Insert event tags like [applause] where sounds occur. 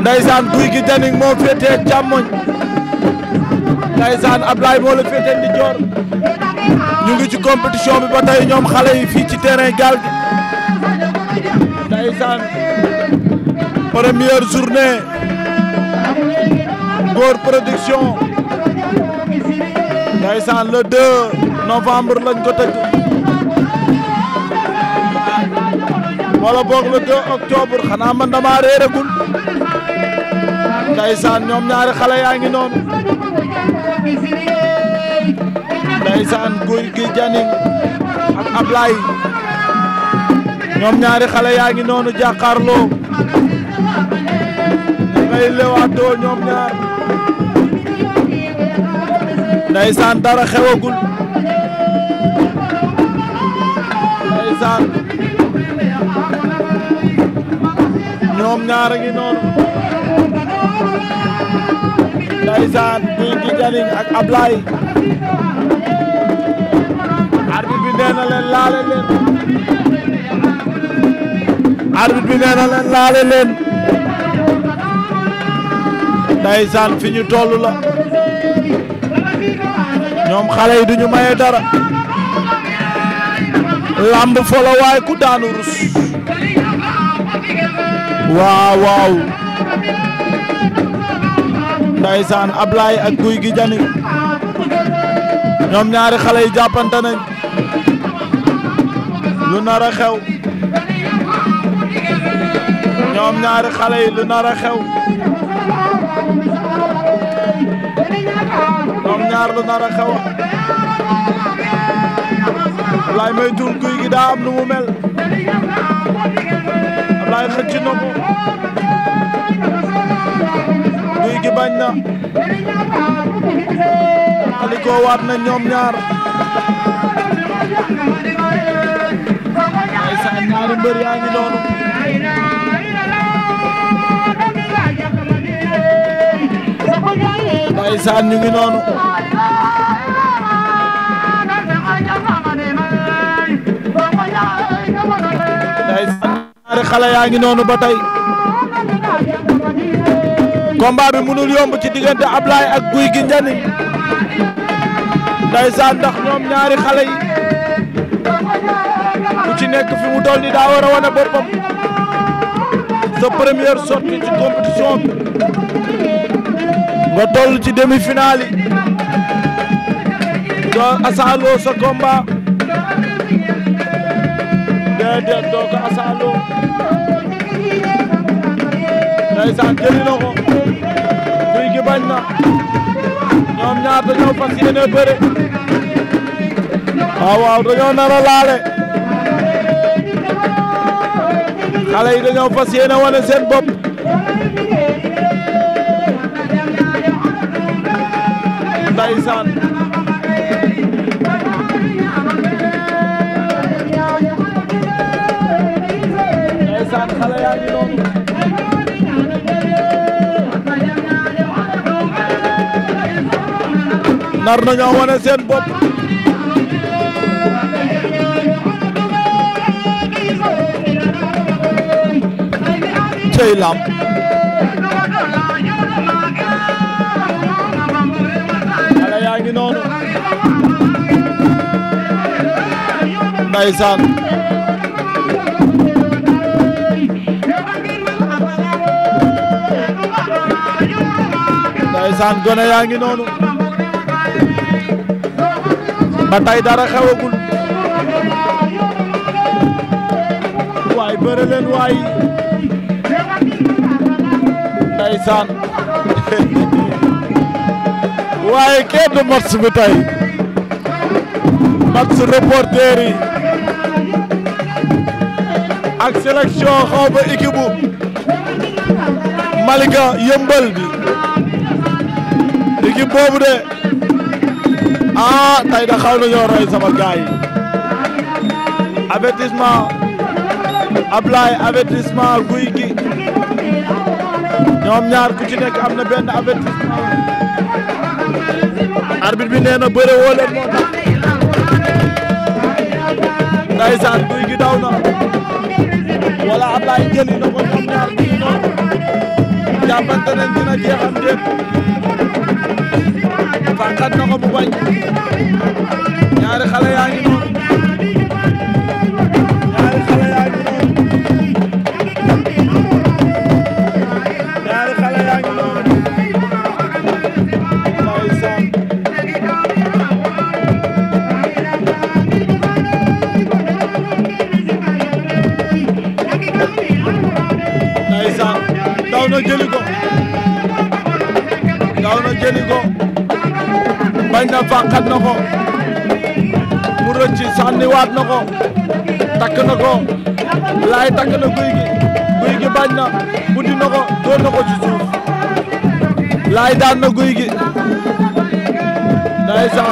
ndaysaan guy gi danig moo féetee càmmoñ ndaysaan Ablaye moo la féetee ndi joor ñu ngi ci compétition bi ba tey ñoom xale yi fii ci terrain gaal gi ndaysaan première journée Ngor production ndaysaan le 2 novembre lañ ko tëgg wala boog le 2 octobre xanaa man damaa réeragul Ndeysaan ñoom ñaari xale yaa ngi noonu Ndeysaan góor gi Dianing ak Ablaye ñoom ñaari xale yaa ngi noonu jàkkaarloo da ngay lewaatoo ñoom ñaar Ndeysaan dara xewagul Ndeysaan ñoom ñaar ngi noonu ndeysaan bi nee na leen laale leen arbitre bi fi ñu toll la ñoom xale yi duñu maye dara lamb folo waay ku daanu waaw waaw Ndeysaan Ablaye ak Guy gi Jani ñoom ñaari xale yi jàppante nañ lu nar a xew ñoom ñaari xale yi lu nar xew ñoom ñaar lu nar a may tuul Guy gi daa lu mu mel Ablaye xëcc na ko nañ na aliko waat na ñoom ñaar ay sa ñaari mbër yaa ngi noonu ndeysaan ñu ngi noonu ndeysaan ñaari xale yaa ngi noonu ba tey combat bi mënul yomb ci diggante Ablaye ak Guy gi Njani ndax ñoom ñaari xale yi ku ci nekk fi mu toll ni daa war a wane boppam sa première sortie ci compétition bi nga toll ci demi-finale yi asaaloo sa combat déedéet doo ko asaaloo ndaysaan jëli na ñoom ñaar dañoo fas yéene bëre ah, waaw dañoo nar a laale xale yi dañoo fas yéene wane seen bopp ndeysaan ndeysaan xale yaa nar nañoo wane seen bopp cey lamb ala yaa ngi noonu ndaysaan ndaysaan gone yaa ngi noonu ba tey dara xewagul waay bëre leen waay ndeysaan [laughs] waaye kenn du bi tey match reporter yi ak sélection xaw ba équipe bu Malika yëmbal bi équipe boobu de ah tey da xaw nañoo roy sama gars yi avertissement Ablaye avertissement ñoom ñaar ku ci nekk am na benn avertissement arbitre bi nee na bëre woo leen moo tax ndaysaan guy gi daw na wala Ablaye jëli na ko ñoom ñaar guy gi noonu jàppante nañ dina jeexam déet xat na ko mu bañ ñaari xale yaa ngi noonu ñaari xale yaa ngi noonu ñaari xale yaa ngi noonu ndeysaan ndeysaan daw na jëli ko daw na jëli ko bañ na fàqat na ko mu rëcc sànniwaat na ko takk na ko laay takk na guy gi guy gi bañ na buddi na ko door na ko ci suuf laay daan